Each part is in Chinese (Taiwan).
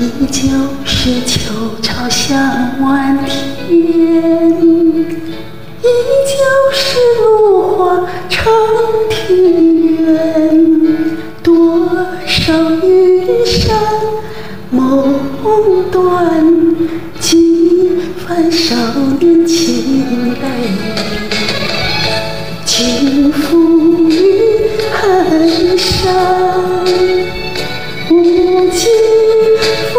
依舊是秋潮向晚天。斷幾番少年情待盡付雨寒沙。無盡風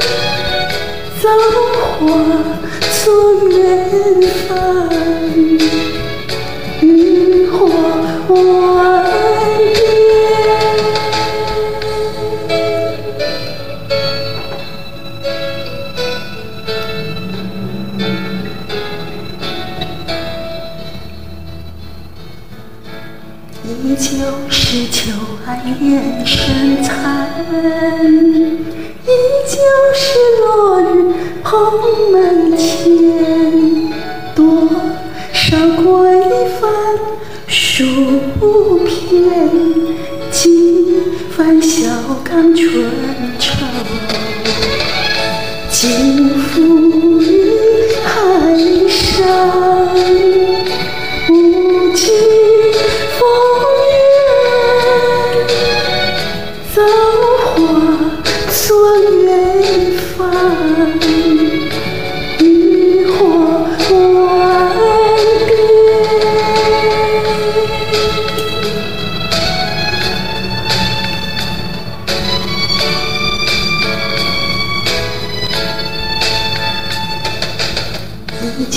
煙造化作遠方。依舊是秋岸雁聲殘，依舊是落日紅門前。多少歸帆數不遍，幾番小港春愁，今復。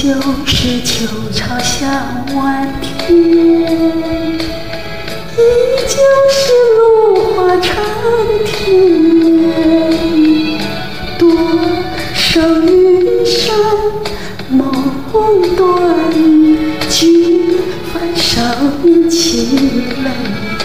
就是秋草向晚天，依舊是蘆花長天。多少雲山夢斷，幾番傷情淚。